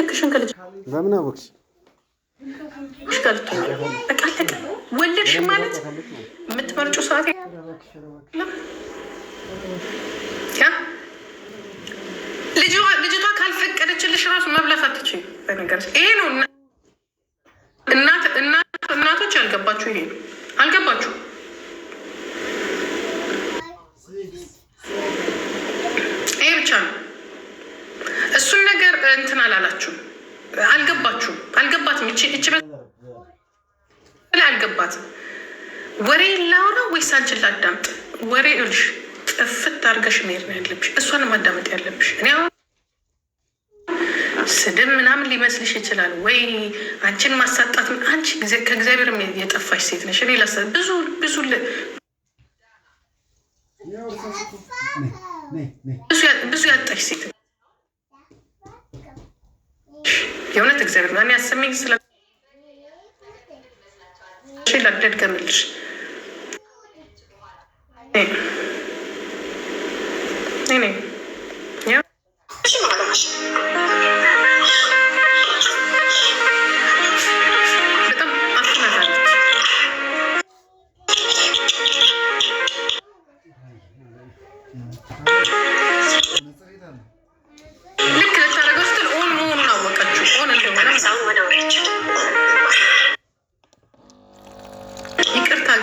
ልክሽን ከልጅ በምን አወቅሽ? ወለድሽ ማለት ሰዓት ልጅቷ ካልፈቀደችልሽ ራሱ መብላት አትችይም። ይሄ ነው እናቶች ያልገባችሁ ይሄ ነው አልገባችሁ ይሄ ብቻ ነው። እንትን አላላችሁም። አልገባችሁም። አልገባትም። እች አልገባትም። ወሬ ላውራ ወይስ አንቺን ላዳምጥ? ወሬ እልሽ ጥፍት አድርገሽ መሄድ ነው ያለብሽ። እሷን ማዳመጥ ያለብሽ እኔ አሁን ስድብ ምናምን ሊመስልሽ ይችላል፣ ወይ አንቺን ማሳጣት። አንቺ ከእግዚአብሔር የጠፋሽ ሴት ነሽ። እኔ ላሳ ብዙ ብዙ ብዙ ያጣሽ ሴት የእውነት እግዚአብሔር ነው። እኔ አሰሚኝ ስለ ለምደድ ገምልሽ እኔ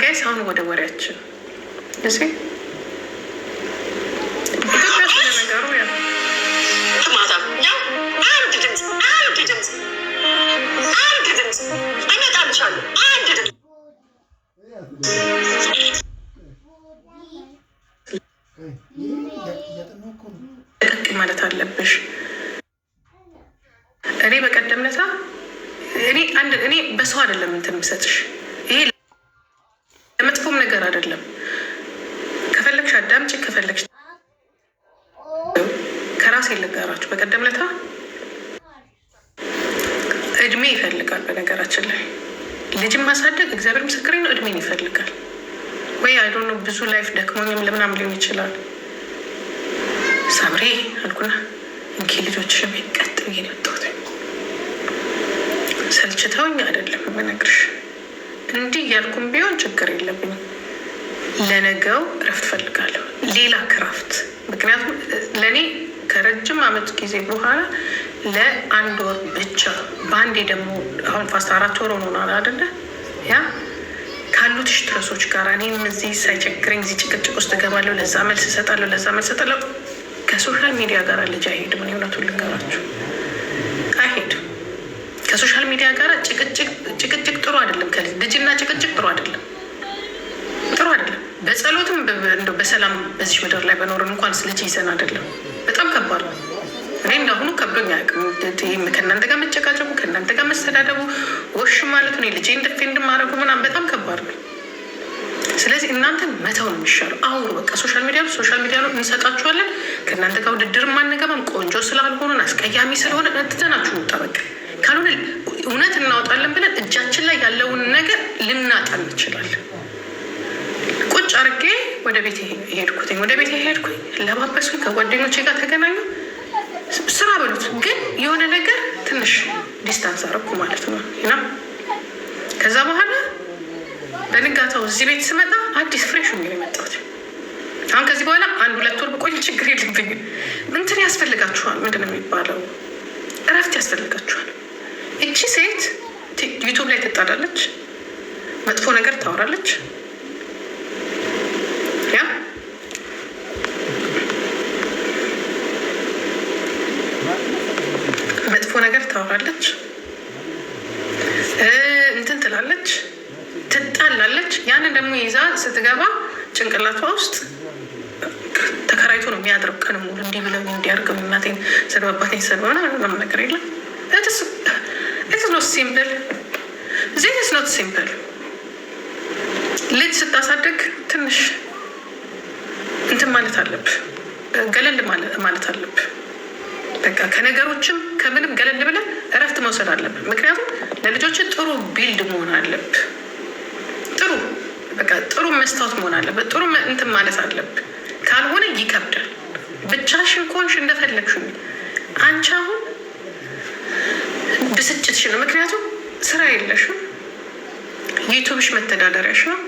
ጋይስ አሁን ወደ ወሬያችን እዚ አንድ ድምፅ አንድ ድምፅ አንድ ድምፅ እመጣልሻለሁ አንድ ድምፅ ወይ አይ ዶንት ኖ ብዙ ላይፍ ደክሞኝም ለምናም ሊሆን ይችላል። ሳምሬ አልኩና እንኪ ልጆችሽ ቀጥ ብዬ ወጣሁት። ሰልችተውኝ አይደለም የምነግርሽ። እንዲህ እያልኩም ቢሆን ችግር የለብኝም። ለነገው እረፍት ፈልጋለሁ፣ ሌላ ክራፍት። ምክንያቱም ለእኔ ከረጅም አመት ጊዜ በኋላ ለአንድ ወር ብቻ በአንዴ ደግሞ አሁን ፋስት አራት ወር ሆኖናል አይደለ ያ ካሉት ሽትረሶች ጋር እኔም እዚህ ሳይቸግረኝ እዚህ ጭቅጭቅ ውስጥ እገባለሁ። ለዛ መልስ እሰጣለሁ፣ ለዛ መልስ እሰጣለሁ። ከሶሻል ሚዲያ ጋር ልጅ አይሄድም። እኔ እውነቱን ልንገራችሁ አይሄድም። ከሶሻል ሚዲያ ጋር ጭቅጭቅ ጥሩ አይደለም። ልጅና ጭቅጭቅ ጥሩ አይደለም፣ ጥሩ አይደለም። በጸሎትም እንደው በሰላም በዚህ ምድር ላይ በኖርን እንኳን ልጅ ይዘን አይደለም። በጣም ከባድ ነው። እኔ እንዳሁኑ ከብዶኝ አያውቅም። ከእናንተ ጋር መጨቃጨቁ፣ ከእናንተ ጋር መሰዳደቡ፣ ወሽ ማለቱ፣ ልጄ እንደፌ እንድማረጉ ምናምን በጣም ከባድ ነው። ስለዚህ እናንተ መተው ነው የሚሻለው። አሁን በቃ ሶሻል ሚዲያ ሶሻል ሚዲያ ነው እንሰጣችኋለን። ከእናንተ ጋር ውድድር ማንገባም። ቆንጆ ስላልሆኑን አስቀያሚ ስለሆነ ትተናችሁ ውጣ በቃ ካልሆነ እውነት እናወጣለን ብለን እጃችን ላይ ያለውን ነገር ልናጣ እንችላለን። ቁጭ አርጌ ወደ ቤት ሄድኩትኝ ወደ ቤት ሄድኩኝ ለባበስኩኝ ከጓደኞቼ ጋር ተገናኙ ስራ በሉት፣ ግን የሆነ ነገር ትንሽ ዲስታንስ አረኩ ማለት ነው ከዛ በኋላ በንጋታው እዚህ ቤት ስመጣ አዲስ ፍሬሽ ነው የመጣሁት። አሁን ከዚህ በኋላ አንድ ሁለት ወር ብቆይ ችግር የለብኝም። እንትን ያስፈልጋችኋል፣ ምንድን ነው የሚባለው? እረፍት ያስፈልጋችኋል። እቺ ሴት ዩቱብ ላይ ትጣላለች፣ መጥፎ ነገር ታወራለች። ያ መጥፎ ነገር ታወራለች ስትገባ ጭንቅላቷ ውስጥ ተከራይቶ ነው የሚያድረው። ቀን ሙሉ እንዲህ ብለው እንዲያርግ እናቴን ሰድበባቴን ሰድበና ምንም ነገር የለም። ኖት ሲምፕል ዜስ ኖት ሲምፕል። ልጅ ስታሳድግ ትንሽ እንትን ማለት አለብህ፣ ገለል ማለት አለብህ። በቃ ከነገሮችም ከምንም ገለል ብለህ እረፍት መውሰድ አለብህ። ምክንያቱም ለልጆች ጥሩ ቢልድ መሆን አለብህ። በቃ ጥሩ መስታወት መሆን አለበት። ጥሩ እንትን ማለት አለብህ። ካልሆነ ይከብዳል። ብቻሽን ከሆንሽ እንደፈለግሽ አንቺ አሁን ብስጭትሽ ነው። ምክንያቱም ስራ የለሽም፣ ዩቱብሽ መተዳደሪያሽ ነው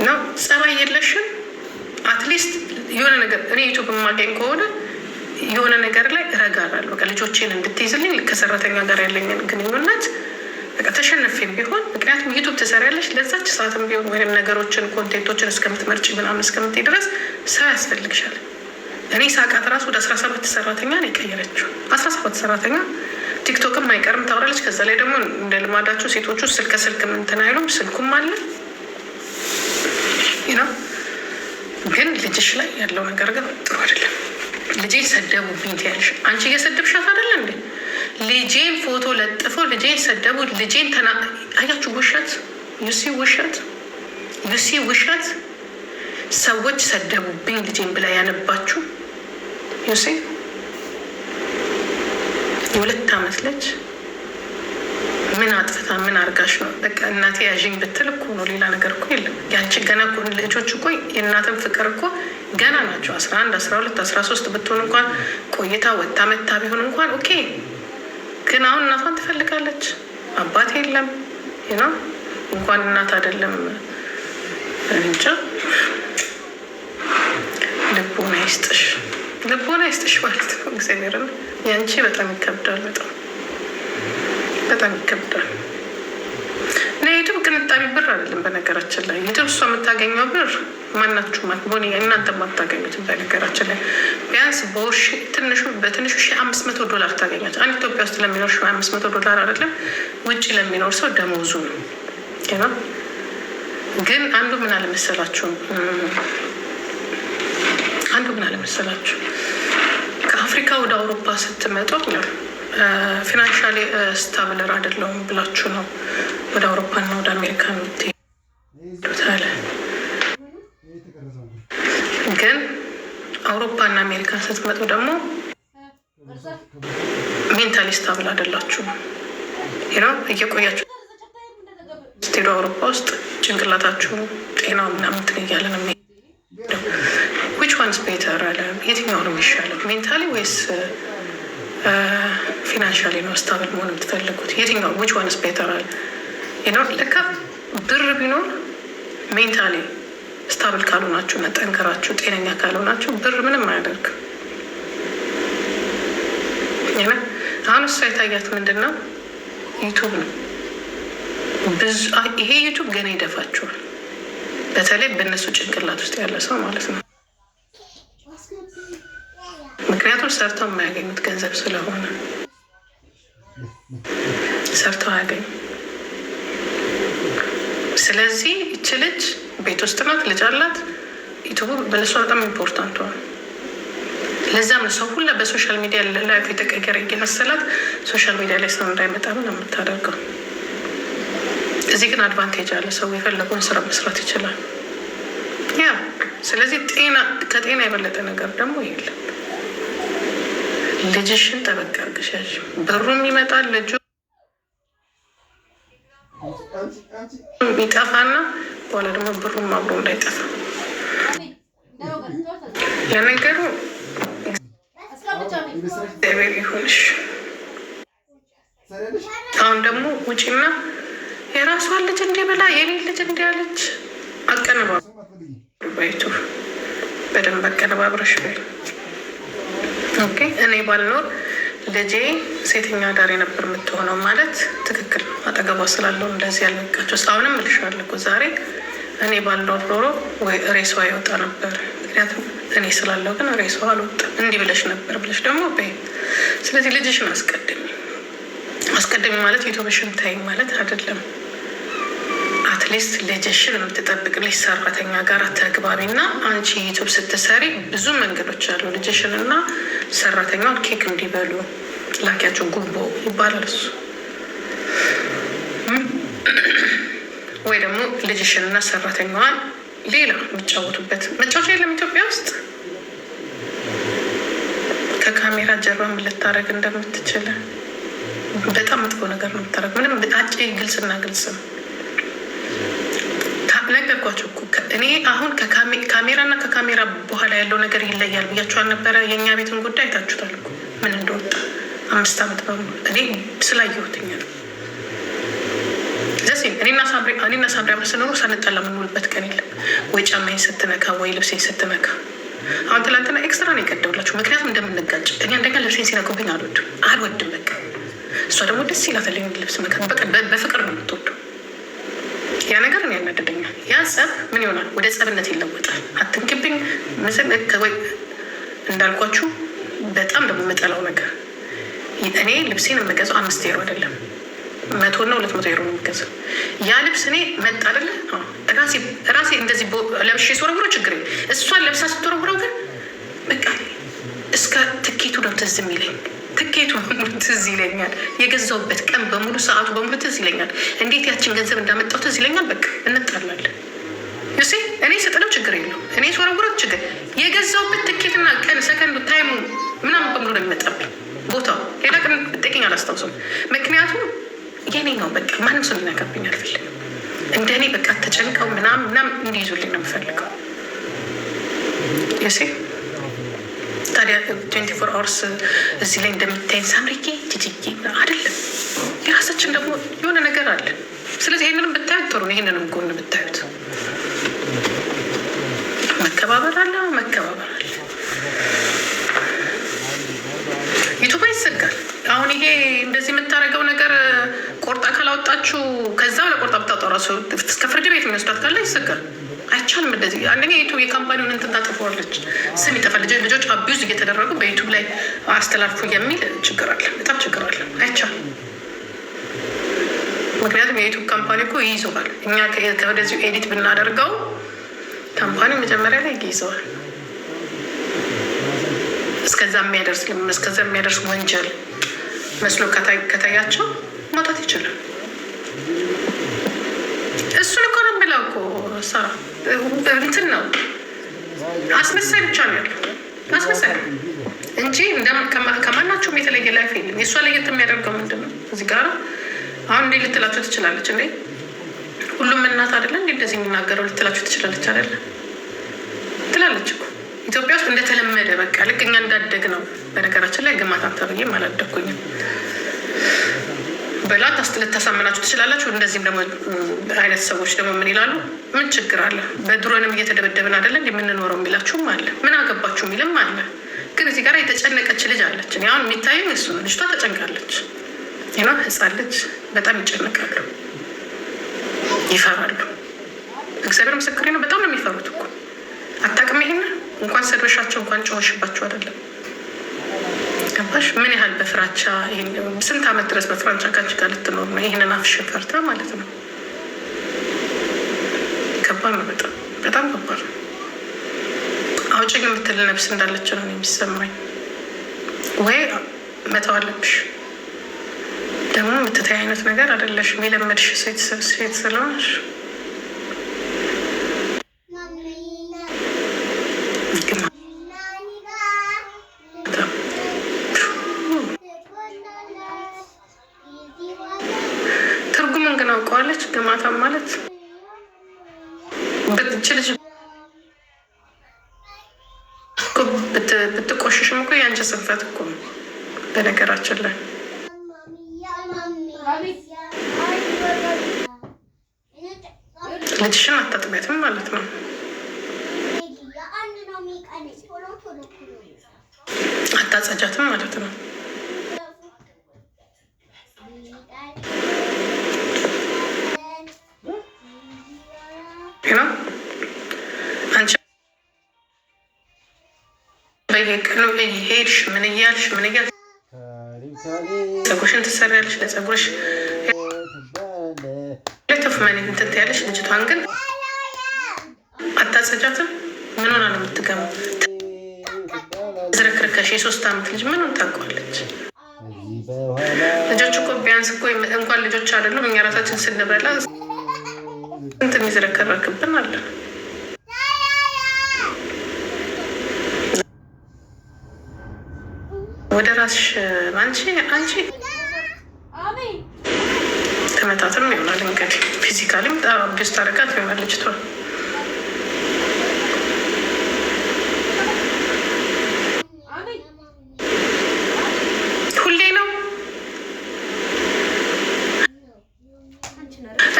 እና ጸባይ የለሽም። አትሊስት የሆነ ነገር እኔ ዩቱብ የማገኝ ከሆነ የሆነ ነገር ላይ ረጋ ልጆቼን እንድትይዝልኝ ከሰራተኛ ጋር ያለኝን ግንኙነት ተሸንፌም ቢሆን ምክንያቱም ዩቱብ ትሰሪያለሽ። ለዛች ሰዓትም ቢሆን ወይም ነገሮችን ኮንቴንቶችን እስከምትመርጭ ምናምን እስከምትይ ድረስ ስራ ያስፈልግሻል። እኔ ሳቃት ራሱ ወደ አስራ ሰባት ሰራተኛ ነው የቀየረችው። አስራ ሰባት ሰራተኛ ቲክቶክም አይቀርም ታውራለች። ከዛ ላይ ደግሞ እንደ ልማዳቸው ሴቶቹ ስልከ ስልክ ምንትን አይሉም። ስልኩም አለ ነው ግን ልጅሽ ላይ ያለው ነገር ግን ጥሩ አይደለም። ልጄ ሰደቡብኝ ትያለሽ አንቺ እየሰደብሻት ልጄን ፎቶ ለጥፎ ልጄን ሰደቡ። ልጄን ተና አያችሁ፣ ውሸት ዩሲ፣ ውሸት ዩሲ፣ ውሸት ሰዎች ሰደቡብኝ ልጄን ብላ ያነባችሁ ዩሲ፣ የሁለት ዓመት ልጅ ምን አጥፍታ ምን አርጋሽ ነው? በቃ እናቴ ያዥኝ ብትል እኮ ነው። ሌላ ነገር እኮ የለም። ያንቺ ገና ልጆች እኮ የእናትን ፍቅር እኮ ገና ናቸው። አስራ አንድ አስራ ሁለት አስራ ሶስት ብትሆን እንኳን ቆይታ ወጣ መታ ቢሆን እንኳን ኦኬ ግን አሁን እናቷን ትፈልጋለች። አባት የለም ና እንኳን እናት አይደለም እንጃ። ልቦና ይስጥሽ፣ ልቦና ይስጥሽ ማለት ነው። እግዚአብሔርን ያንቺ በጣም ይከብዳል፣ በጣም በጣም ይከብዳል። የትም ቅንጣቢ ብር አይደለም። በነገራችን ላይ የትም እሷ የምታገኘው ብር ማናችሁ ቦኒ እናንተ ማታገኙት። በነገራችን ላይ ቢያንስ ትንሹ በትንሹ ሺ አምስት መቶ ዶላር ታገኛች። አንድ ኢትዮጵያ ውስጥ ለሚኖር ሺ አምስት መቶ ዶላር አይደለም፣ ውጭ ለሚኖር ሰው ደመወዙ ነው። ግን አንዱ ምን አለመሰላችሁ አንዱ ምን አለመሰላችሁ ከአፍሪካ ወደ አውሮፓ ስትመጡ ፊናንሻሊ ስታብለር አይደለሁም ብላችሁ ነው ወደ አውሮፓና ወደ አሜሪካ የምትሄዱታል። ግን አውሮፓና አሜሪካ ስትመጡ ደግሞ ሜንታሊ ስታብል አይደላችሁም። እየቆያችሁ ስትሄዱ አውሮፓ ውስጥ ጭንቅላታችሁ ጤና ምናምንትን እያለን ዊች ዋንስ ቤተር አለ የትኛው ነው የሚሻለው ሜንታሊ ወይስ ፊናንሻሊ ነው ስታብል መሆን የምትፈልጉት? የትኛው ዊች ዋንስ ቤተራል ይኖር ልካ ብር ቢኖር ሜንታሊ ስታብል ካልሆናችሁ እና ጠንከራችሁ ጤነኛ ካልሆናችሁ ብር ምንም አያደርግም። አሁን እሷ የታያት ምንድን ነው ዩቱብ ነው። ይሄ ዩቱብ ገና ይደፋችኋል። በተለይ በእነሱ ጭንቅላት ውስጥ ያለ ሰው ማለት ነው። ምክንያቱም ሰርተው የማያገኙት ገንዘብ ስለሆነ ሰርተው አያገኙ። ስለዚህ እች ልጅ ቤት ውስጥ ናት፣ ልጅ አላት። ዩቱቡ በለሷ በጣም ኢምፖርታንት ሆነ። ለዛም ሰው ሁላ በሶሻል ሚዲያ ለላይፍ የተቀየረ እየመሰላት ሶሻል ሚዲያ ላይ ሰው እንዳይመጣ ምን የምታደርገው። እዚህ ግን አድቫንቴጅ አለ። ሰው የፈለገውን ስራ መስራት ይችላል። ያ ስለዚህ ጤና ከጤና የበለጠ ነገር ደግሞ የለም። ልጅሽን ጠበቅ አድርግሻል። በሩም ይመጣል ልጁ ይጠፋና በኋላ ደግሞ ብሩም አብሮ እንዳይጠፋ ለነገሩ እግዚአብሔር ይሁንሽ። አሁን ደግሞ ውጪና የራሷ ልጅ እንዲህ ብላ የኔ ልጅ እንዲህ አለች። አቀነባ ባይቱ በደንብ አቀነባብረሽ በይ ኦኬ እኔ ባልኖር ልጄ ሴተኛ አዳሪ ነበር የምትሆነው ማለት ትክክል አጠገቧ ስላለው እንደዚህ ያልነቃቸው አሁንም እልሻለሁ ዛሬ እኔ ባልኖር ኖሮ ወይ ሬሷ ይወጣ ነበር። ምክንያቱም እኔ ስላለው ግን ሬሷ አልወጣም። እንዲህ ብለሽ ነበር ብለሽ ደግሞ በይ። ስለዚህ ልጅሽን አስቀድሚ። አስቀድሚ ማለት ዩቱብሽን ታይ ማለት አይደለም። አትሊስት ልጅሽን የምትጠብቅልሽ ሰራተኛ ጋር ተግባቢና። አንቺ ዩቱብ ስትሰሪ ብዙ መንገዶች አሉ። ልጅሽን እና ሰራተኛውን ኬክ እንዲበሉ ላኪያቸው ጉቦ ይባላል እሱ። ወይ ደግሞ ልጅሽን እና ሰራተኛዋን ሌላ የሚጫወቱበት መጫወቻ የለም ኢትዮጵያ ውስጥ። ከካሜራ ጀርባ ምን ልታደርግ እንደምትችል በጣም መጥፎ ነገር ነው የምታደርግ። ምንም አጭ ግልጽና ግልጽ ነው። አልኳቸው እኮ እኔ አሁን ካሜራ ካሜራና ከካሜራ በኋላ ያለው ነገር ይለያል ብያቸው ነበረ። የእኛ ቤትን ጉዳይ አይታችሁታል እኮ ምን እንደወጣ አምስት ዓመት በሙ እኔ ስላየሁትኝ ነው። ዘሴም እኔና ሳብሪ አብረን ስንኖር ሳንጣላ የምንውልበት ቀን የለም። ወይ ጫማዬን ስትነካ፣ ወይ ልብሴን ስትነካ አሁን ትላንትና ኤክስትራ ነው የቀደውላችሁ። ምክንያቱም እንደምንጋጭ እኔ አንደኛ ልብሴን ሲነኩብኝ አልወድም አልወድም በቃ እሷ ደግሞ ደስ ይላታል ልብስ መካት በፍቅር ነው የምትወዱ ያ ነገር እኔ ያናደደኝ ያ ሰብ ምን ይሆናል? ወደ ጸብነት ይለወጣል። አትንክብኝ ምስል ወይ እንዳልኳችሁ በጣም ደግሞ የምጠላው ነገር እኔ ልብሴን የምገዛው አምስት ሮ አይደለም መቶ እና ሁለት መቶ ሮ ነው የምገዛው። ያ ልብስ እኔ መጣ አይደለ ራሴ እንደዚህ ለብሼ ስወረውረው ችግር እሷን ለብሳ ስትወረውረው ግን በቃ እስከ ትኬቱ ነው ትዝ የሚለኝ። ትኬቱ በሙሉ ትዝ ይለኛል። የገዛውበት ቀን በሙሉ ሰዓቱ በሙሉ ትዝ ይለኛል። እንዴት ያችን ገንዘብ እንዳመጣው ትዝ ይለኛል። በቃ እንጣላለን። ዩሲ እኔ ስጥለው ችግር የለው እኔ ስወረውረት ችግር የገዛውበት ትኬትና ቀን ሰከንዱ ታይሙ ምናምን በሙሉ ነው የሚመጣብኝ። ቦታው ሌላ ቀን ብጠቂኝ አላስታውሰውም። ምክንያቱም የኔ ነው በቃ ማንም ሰው ሊነካብኝ አልፈልግም። እንደኔ በቃ ተጨንቀው ምናምን ምናምን እንዲይዙልኝ ነው የምፈልገው ዩሲ ታዲያ ትዌንቲ ፎር አወርስ እዚህ ላይ እንደምታይን ሳምሪኬ ጅጅጌ አይደለም። የራሳችን ደግሞ የሆነ ነገር አለ። ስለዚህ ይህንንም ብታዩት ጥሩ ነው። ይህንንም ጎን ብታዩት መከባበር አለ፣ መከባበር አለ። ዩቱብ ይዘጋል። አሁን ይሄ እንደዚህ የምታደርገው ነገር ቆርጣ ካላወጣችሁ ከዛ ለቆርጣ ብታጠራ እስከ ፍርድ ቤት የሚወስዳት ካለ ይዘጋል። አይቻልም እንደዚህ። አንደኛ ዩቱብ የካምፓኒውን እንትን ታጠፈዋለች፣ ስም ይጠፋል። ልጆች አቢዩዝ እየተደረጉ በዩቱብ ላይ አስተላልፉ የሚል ችግር አለ፣ በጣም ችግር አለ። አይቻልም። ምክንያቱም የዩቱብ ካምፓኒ እኮ ይይዘዋል። እኛ ወደዚሁ ኤዲት ብናደርገው ካምፓኒ መጀመሪያ ላይ ይይዘዋል። እስከዛ የሚያደርስ እስከዛ የሚያደርስ ወንጀል መስሎ ከታያቸው መውጣት ይችላል። እሱን እኮ እኮ ሳራ እንትን ነው አስመሳይ ብቻ ነው ያለው አስመሳይ እንጂ ከማናቸውም የተለየ ላይፍ የለም። የእሷ ለየት የሚያደርገው ምንድን ነው? እዚህ ጋር አሁን እንዴ ልትላችሁ ትችላለች እንዴ ሁሉም እናት አደለ እንዴ እንደዚህ የሚናገረው ልትላችሁ ትችላለች አደለ ትላለች እኮ ኢትዮጵያ ውስጥ እንደተለመደ በቃ ልክ እኛ እንዳደግ ነው። በነገራችን ላይ ግማት አታብዬ አላደኩኝም በላት ልታሳምናችሁ ትችላላችሁ። እንደዚህም ደግሞ አይነት ሰዎች ደግሞ ምን ይላሉ? ምን ችግር አለ? በድሮንም እየተደበደብን አይደለም የምንኖረው የሚላችሁም አለ። ምን አገባችሁ የሚልም አለ። ግን እዚህ ጋር የተጨነቀች ልጅ አለች። እኔ አሁን የሚታየኝ እሱ ነው። ልጅቷ ተጨንቃለች። ይኖ ህፃን ልጅ በጣም ይጨነቃሉ፣ ይፈራሉ። እግዚአብሔር ምስክሬ ነው። በጣም ነው የሚፈሩት እኮ አታውቅም። ይሄን እንኳን ሰድበሻቸው እንኳን ጨዋሽባቸው አይደለም ገባሽ? ምን ያህል በፍራቻ ስንት ዓመት ድረስ በፍራቻ ከአንቺ ጋር ልትኖር ነው? ይህንን አፍሽን ፈርታ ማለት ነው። ከባድ ነው፣ በጣም በጣም ከባድ ነው። የምትል ነብስ እንዳለች ነው የሚሰማኝ። ወይ መተው አለብሽ። ደግሞ የምትተይ አይነት ነገር አይደለሽም። የለመድሽ ሴት ስለሆነሽ ትለዋለች። ግማታም ማለት ብትችልሽ ብትቆሽሽም እኮ የአንቺ ስንፈት እኮ በነገራችን ላይ ልጅሽን አታጥቢያትም ማለት ነው። አታጸጃትም ማለት ነው። ፀጉርሽን ትሰሪያለሽ፣ ለፀጉርሽ ለተፍ ማለት እንትን ትያለሽ። ልጅቷን ግን አታጸጃትም። ምን ሆና ነው የምትገመው? ዝረክርከሽ የሶስት ዓመት ልጅ ምን ታውቀዋለች? ልጆች እኮ ቢያንስ እኮ እንኳን ልጆች አይደሉም እኛ ራሳችን ስንበላ ስንት የሚዝረከረክብን አለን። ወደ ራስሽ አንቺ አንቺ ተመታትም ይሆናል እንግዲህ ፊዚካሊም ጣቢስ ታደርጋት ይሆናል ልጅቷ። ሁሌ ነው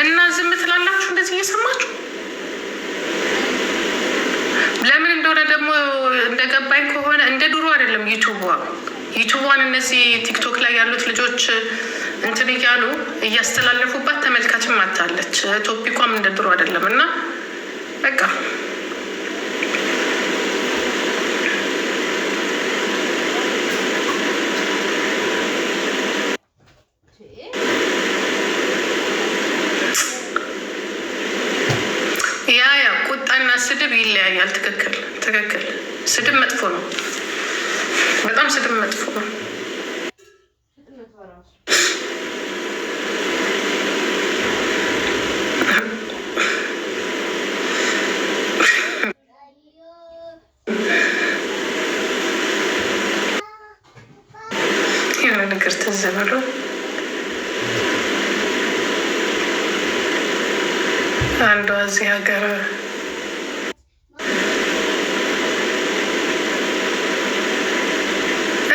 እና ዝም ትላላችሁ እንደዚህ እየሰማችሁ። ለምን እንደሆነ ደግሞ እንደገባኝ ከሆነ እንደ ድሮ አይደለም ዩቱብ ዩቱቧን እነዚህ ቲክቶክ ላይ ያሉት ልጆች እንትን እያሉ እያስተላለፉባት ተመልካችም አታለች። ቶፒኳም እንደ ድሮ አይደለም እና በቃ አንዷ እዚህ ሀገር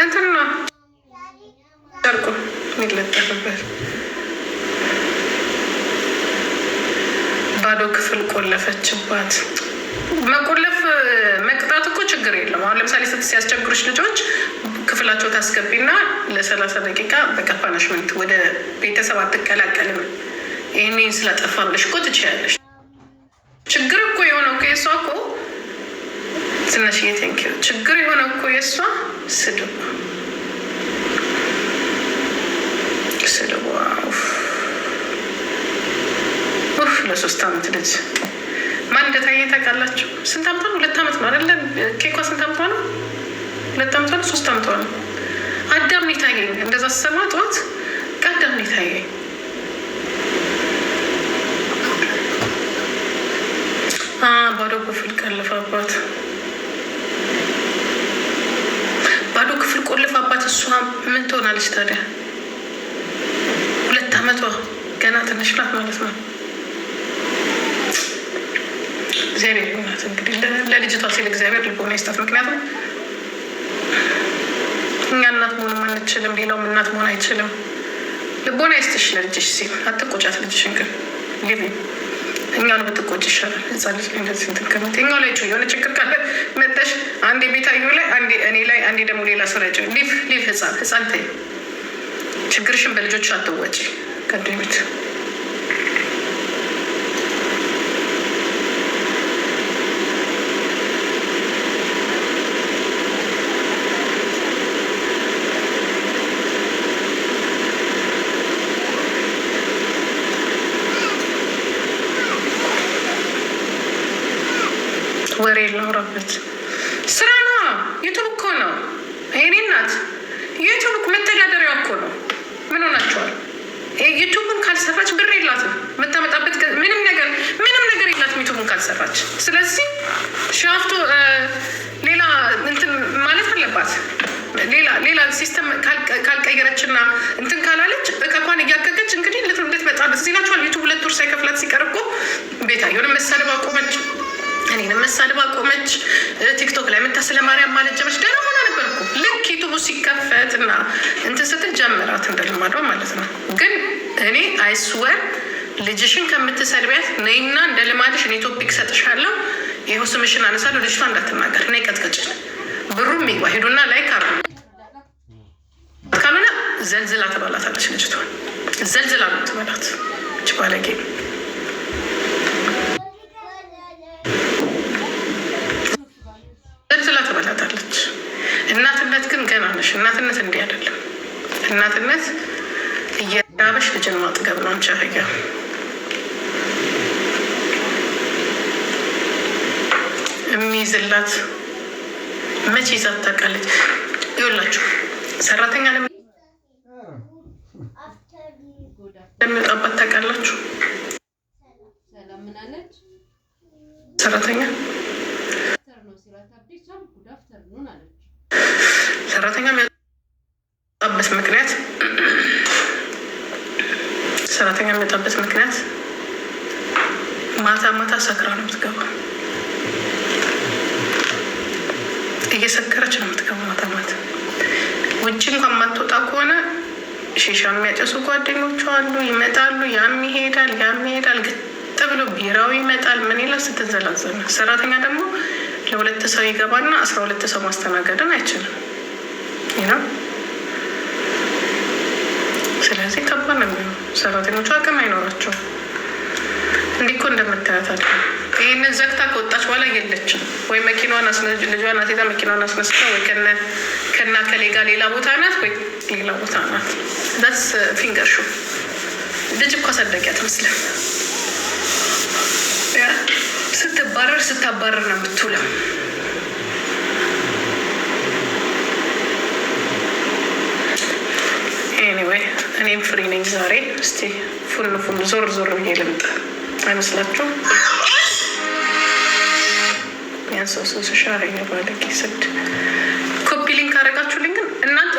እንትን ነው ጨርቁ የሚለጠፍበት ባዶ ክፍል ቆለፈችባት። መቆለፍ መቅጣት እኮ ችግር የለም። አሁን ለምሳሌ ስት ሲያስቸግሩች ልጆች ክፍላቸው ታስገቢና ለሰላሳ ደቂቃ በቀፋናሽመንት ወደ ቤተሰብ አትቀላቀልም። ይህን ስለጠፋብሽ እኮ ትችያለሽ። ዝናሽ እየተንኪ ችግር የሆነ እኮ የእሷ ስድብ ስድብ ለሶስት አመት ልጅ ማን እንደታየ ታውቃላችሁ? ስንት አመቷ ነው? ሁለት አመት ነው አይደለ? ኬኳ ስንት አመቷ ነው? ሁለት አመቷ ነው? ሶስት አመቷ ነው? አዳም ነው እንደዛ ስሰማ ጠዋት ቀዳም ነው የታየኝ። ባዶ ክፍል ቀለፈባት። ቁልፍ አባት እሷ ምን ትሆናለች ታዲያ? ሁለት ዓመቷ ገና ትንሽ ናት ማለት ነው። እግዚአብሔር ይሆናት እንግዲህ ለልጅቷ ሲል እግዚአብሔር ልቦና ይስጣት። ምክንያቱም እኛ እናት መሆንም አንችልም፣ ሌላውም እናት መሆን አይችልም። ልቦና ይስጥሽ ለልጅሽ ሲል አትቆጫት። ልጅሽን ግን ሊቪ እኛን ብትቆጭ ይሻላል። ህፃ ልጅ እንደዚህ ትንክምት እኛው ላይ የሆነ ችግር ካለ መጠሽ አንዴ ቤታዩ ላይ አንዴ እኔ ላይ አንዴ ደግሞ ሌላ ስራ ጭ ሊፍ ሊፍ ህፃን ህፃን ተይ ችግርሽን በልጆች አትወጪ ከንድ ዛሬ ላውራበት ስራ ነ ዩቱብ እኮ ነው። ይሄኔ እናት ዩቱብ መተዳደሪያ እኮ ነው። ምን ሆናቸዋል? ዩቱብን ካልሰራች ብር የላትም የምታመጣበት ምንም ነገር ምንም ነገር የላትም ዩቱብን ካልሰራች። ስለዚህ ሻፍቶ ሌላ እንትን ማለት አለባት። ሌላ ሌላ ሲስተም ካልቀየረችና እንትን ካላለች ከኳን እያከገች እንግዲህ ልትመጣ ዜናቸዋል። ዩቱብ ሁለት ወር ሳይከፍላት ሲቀር እኮ ቤታ የሆነ መሳደብ አቆመች። እኔንም መሳደብ አቆመች። ቲክቶክ ላይ መታ ስለ ማርያም ማለት ጀመረች። ደህና ሆና ነበር እኮ ልክ ዩቱቡ ሲከፈት እና እንትን ስትል ጀመራት እንደልማዷ ማለት ነው። ግን እኔ አይስወር ልጅሽን ከምትሰድቢያት ነይና እንደ ልማድሽ እኔ ቶፒክ ሰጥሻለሁ፣ ይኸው ስምሽን አነሳለሁ፣ ልጅቷ እንዳትናገር ነይ ቀጥቅጭን፣ ብሩ ሚግባ ሄዱና ላይ ካሩ ካልሆነ ዘልዝላ ተባላታለች። ልጅቷ። ዘልዝላ ነው ትበላት ባለጌ እናትነት እየራበሽ ልጅን ማጥገብ ነው። አንቺ አህያ የሚይዝላት መቼ ይዛት ታውቃለች? ይኸውላችሁ ሰራተኛ ለሚወጣባት ታውቃላችሁ ሰራተኛ የመጣበት ምክንያት ሰራተኛ የመጣበት ምክንያት ማታ ማታ ሰክራ ነው የምትገባው። እየሰከረች ነው የምትገባ ማታ ማታ። ውጭ እንኳን ማትወጣ ከሆነ ሺሻ የሚያጨሱ ጓደኞቹ አሉ፣ ይመጣሉ። ያም ይሄዳል፣ ያም ይሄዳል። ግጥ ብሎ ቢራው ይመጣል። ምን ይላል ስትንዘላዘነ። ሰራተኛ ደግሞ ለሁለት ሰው ይገባና አስራ ሁለት ሰው ማስተናገድን አይችልም ነው ስለዚህ ከባድ ነው የሚሆነው። ሰራተኞቹ አቅም አይኖራቸውም። እንዲህ እኮ እንደምታያት አለ። ይህንን ዘግታ ከወጣች በኋላ የለችም ወይ መኪናዋን ልጇን አሴታ መኪናዋን አስነስታ ወይ ከና ከሌ ጋር ሌላ ቦታ ናት ወይ ሌላ ቦታ ናት። ዳስ ፊንገር ሹ ልጅ እኮ አሳደጊያት መስለን ስትባረር ስታባረር ነው የምትውለው። እኔም ፍሪ ነኝ ዛሬ። እስቲ ፉል ፉል ዞር ዞር ብዬ ልምጥ አይመስላችሁም? ያንሰውሰውስ ሻረኝ ባለጌ ስድ ኮፒ ሊንክ አረጋችሁልኝ። ግን እናንተ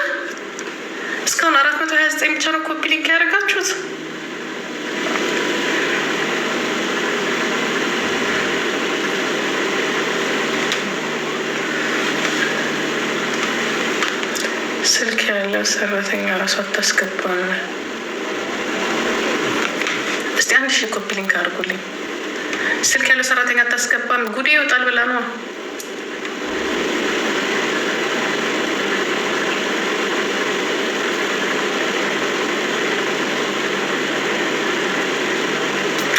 እስካሁን አራት መቶ ሀያ ዘጠኝ ብቻ ነው ኮፒ ሊንክ ያደረጋችሁት። ስልክ ያለው ሰራተኛ ራሱ አታስገባም። እስቲ አንድ ሺ ኮፒ ሊንክ አድርጉልኝ። ስልክ ያለው ሰራተኛ አታስገባም። ጉዴ ይወጣል ብላ ነው።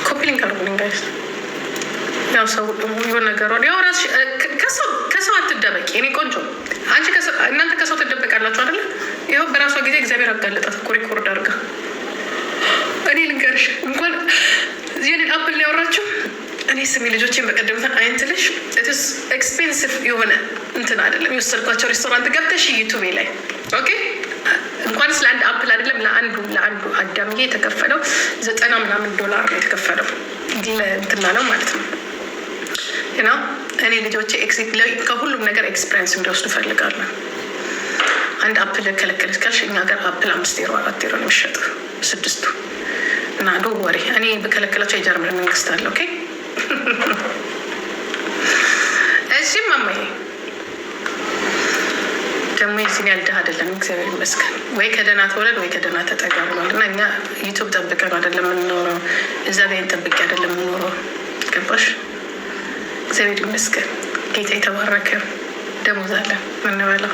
ኮፒ ሊንክ አድርጉልኝ ጋይስ። ያው ሰው የሆነ ነገሯል። ያው ራሱ ከሰው ከሰው አልትደበቂ እኔ ቆንጆ አንቺ እናንተ ከሰው ትደበቃላችሁ አይደለ? ይኸው በራሷ ጊዜ እግዚአብሔር አጋለጣት እኮ ሪኮርድ አድርጋ። እኔ ልንገርሽ እንኳን ይህንን አፕል ሊያወራችሁ እኔ ስሜ ልጆቼን በቀደምታ አይንት ልሽ ኢትስ ኤክስፔንሲቭ የሆነ እንትን አይደለም የወሰድኳቸው ሬስቶራንት ገብተሽ ዩቱቤ ላይ ኦኬ እንኳን ስለ አንድ አፕል አይደለም ለአንዱ ለአንዱ አዳምዬ የተከፈለው ዘጠና ምናምን ዶላር ነው የተከፈለው እንትና ነው ማለት ነው ነው እኔ ልጆች ኤግዚት ላይ ከሁሉም ነገር ኤክስፐሪንስ እንዲወስዱ ይፈልጋሉ። አንድ አፕል ከለከለች ካልሽ እኛ ሀገር አፕል አምስት ሮ አራት ሮ ነው የሚሸጡ ስድስቱ እና ዶ ወሬ እኔ በከለከላቸው የጀርመን መንግስት አለ። ኦኬ እሺ ማማዬ ደግሞ የዚህን ያህል ድሃ አይደለም፣ እግዚአብሔር ይመስገን። ወይ ከደህና ተወለድ ወይ ከደህና ተጠጋ ብሏል። እና እኛ ዩቱብ ጠብቀን አይደለም የምንኖረው፣ እዛ ጋር ጠብቄ አይደለም የምንኖረው። ገባሽ? እግዚአብሔር ይመስገን። ጌታ የተባረከ ደሞዝ አለን ምንበላው።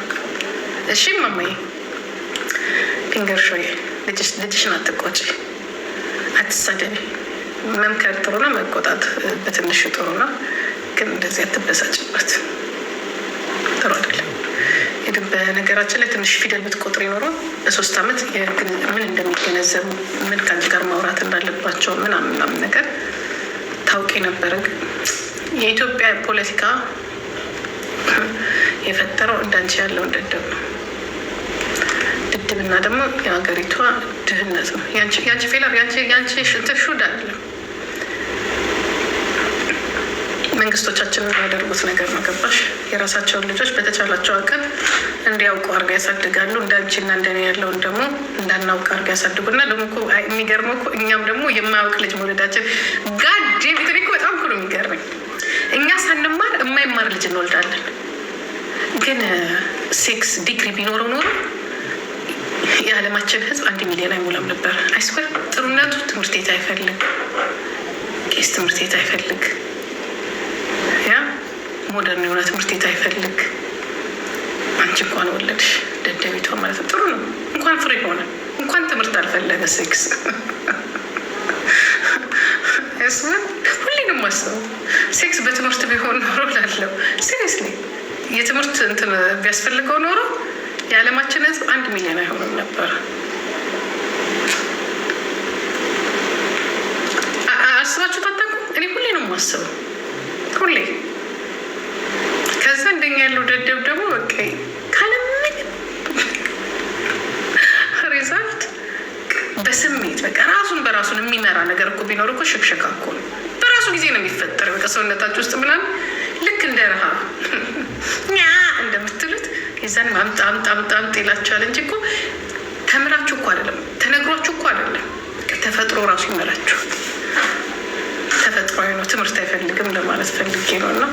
እሺ ማማዬ ፊንገር ሾዬ ልጅሽን አትቆጪ፣ አትሳደቢ። መምከር ጥሩ ነው፣ መቆጣት በትንሹ ጥሩ ነው። ግን እንደዚህ አትበሳጭበት፣ ጥሩ አይደለም። በነገራችን ላይ ትንሽ ፊደል ብትቆጥር ይኖረው በሶስት ዓመት ምን እንደሚገነዘቡ ምን ከአንቺ ጋር ማውራት እንዳለባቸው ምናምን ምናምን ነገር ታውቅ ነበረ። ግን የኢትዮጵያ ፖለቲካ የፈጠረው እንዳንቺ ያለው ድድብ ነው። ድድብና ደግሞ የሀገሪቷ ድህነት ነው። ያንቺ ፌላር ያንቺ ሽንትር ሹድ አይደለም መንግስቶቻችን የሚያደርጉት ነገር ነው። ገባሽ? የራሳቸውን ልጆች በተቻላቸው አቅም እንዲያውቁ አድርጋ ያሳድጋሉ። እንዳንቺና እንደ ያለውን ደግሞ እንዳናውቅ አድርጋ ያሳድጉና ደግሞ የሚገርመው እኛም ደግሞ የማያውቅ ልጅ መውለዳችን ጋድ እኛ ሳንማር የማይማር ልጅ እንወልዳለን። ግን ሴክስ ዲግሪ ቢኖረው ኖሮ የዓለማችን ህዝብ አንድ ሚሊዮን አይሞላም ነበር። አይስኳር ጥሩነቱ ትምህርት ቤት አይፈልግ፣ ቄስ ትምህርት ቤት አይፈልግ፣ ያ ሞደርን የሆነ ትምህርት ቤት አይፈልግ። አንቺ እንኳን ወለድሽ ደደቤቷ ማለት ነው። ጥሩ ነው። እንኳን ፍሬ ሆነ፣ እንኳን ትምህርት አልፈለገ ሴክስ ማስበው። ሴክስ በትምህርት ቢሆን ኖሮ ላለው ሲሪየስ የትምህርት እንትን ቢያስፈልገው ኖሮ የዓለማችን ህዝብ አንድ ሚሊዮን አይሆንም ነበር። አስባችሁ ታጠቁ። እኔ ሁሌ ነው የማስበው፣ ሁሌ ከዛ እንደኛ ያለው ደደብ ደግሞ በቃ ካለምን ሪዛልት በስሜት በቃ ራሱን በራሱን የሚመራ ነገር እኮ ቢኖር እኮ ሽክሽካ እኮ ነው። ብዙ ጊዜ ነው የሚፈጠረው። በቃ ውስጥ ምናምን ልክ እንደ ረሃብ እንደምትሉት የዛን አምጣ አምጣ አምጣ አምጥ ይላቸዋል እንጂ እኮ ተምራችሁ እኮ አይደለም፣ ተነግሯችሁ እኮ አይደለም። ተፈጥሮ ራሱ ይመራችሁ። ተፈጥሯዊ ነው፣ ትምህርት አይፈልግም ለማለት ፈልጌ ነው። እና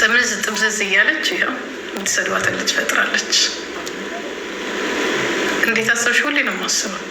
ጥምዝ ጥምዝዝ እያለች ይኸው የምትሰድባትን ልጅ ፈጥራለች። እንዴት አሰብሽ? ሁሌ ነው የማስበው